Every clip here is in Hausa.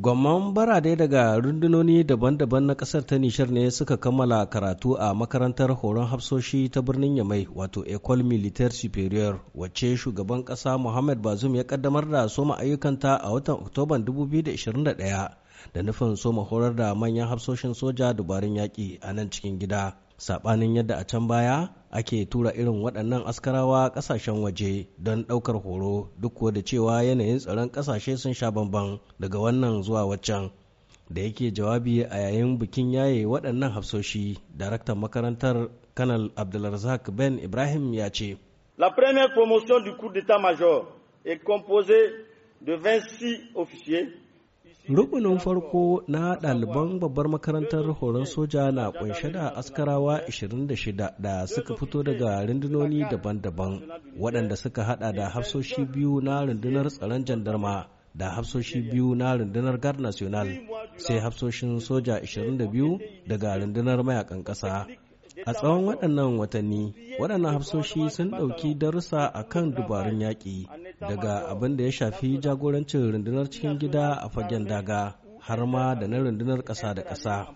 Gwamman barade daga rundunoni daban-daban na ƙasar ta Nishar ne suka kammala karatu a makarantar horon hafsoshi ta birnin Yamai wato Ecole Militaire Superior wacce shugaban ƙasa Muhammad bazum ya kaddamar da soma ayyukanta a watan Oktoban 2021 da nufin soma horar da manyan hafsoshin soja dubarun yaƙi a nan cikin gida. saɓanin yadda a can baya ake tura irin waɗannan askarawa ƙasashen waje don ɗaukar horo duk da cewa yanayin tsaron ƙasashe sun sha bamban daga wannan zuwa waccan da yake jawabi a yayin bikin yaye waɗannan hafsoshi daraktan makarantar kanal abdulrazak ben ibrahim ya ce la première promotion du coup d'état major est composée de 26 officiers rukunin farko na ɗaliban babbar makarantar horon soja na kunshe da askarawa 26 da suka fito daga rundunoni daban-daban waɗanda suka hada da hafsoshi biyu na rundunar tsaron jandarma da hafsoshi biyu na rundunar gar national sai hafsoshin soja 22 daga rundunar mayakan ƙasa a tsawon waɗannan watanni waɗannan hafsoshi sun ɗauki darussa akan kan dubarun yaƙi daga abin da ya shafi jagorancin rundunar cikin gida a fagen daga har ma da na rundunar ƙasa da ƙasa.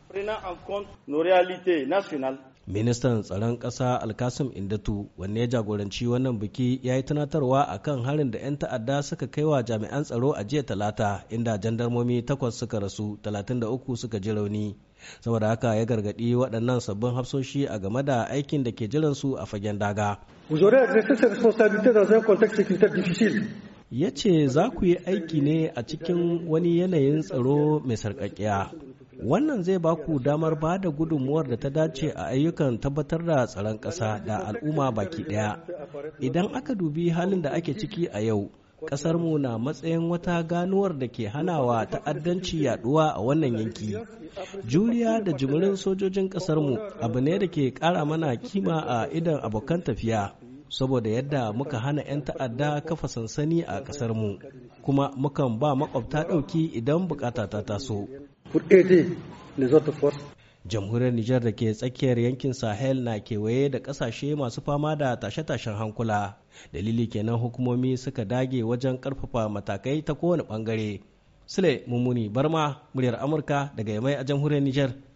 ministan tsaron ƙasa alkasim indatu wanne ya jagoranci wannan biki ya yi tunatarwa a kan harin da 'yan ta'adda suka kai wa jami'an tsaro a jiya talata inda jandarmomi takwas suka rasu 33 suka ji rauni saboda haka ya gargaɗi waɗannan sabbin hafsoshi a game da aikin da ke jiransu a fagen daga ya ce za ku yi aiki ne a cikin wani yanayin tsaro mai sarƙaƙiya Wannan zai ba ku damar ba da gudunmuwar da ta dace a ayyukan tabbatar da tsaron ƙasa da al'umma baki ɗaya. Idan aka dubi halin da ake ciki a yau, ƙasarmu na matsayin wata ganuwar da ke hanawa ta'addanci yaduwa a wannan yanki. Juriya da jimirin sojojin ƙasarmu abu ne da ke ƙara mana kima a idan abokan tafiya. saboda yadda muka hana 'yan ta'adda kafa sansani a ƙasarmu kuma mukan ba makwabta ɗauki idan bukata ta taso pour aider les autres jamhuriyar Nijar da ke tsakiyar yankin Sahel na kewaye da kasashe masu fama da tashe-tashen hankula. Dalili kenan hukumomi suka dage wajen karfafa matakai ta kowane bangare Sule Mummuni Barma, muryar Amurka daga Yamai a jamhuriyar Nijar.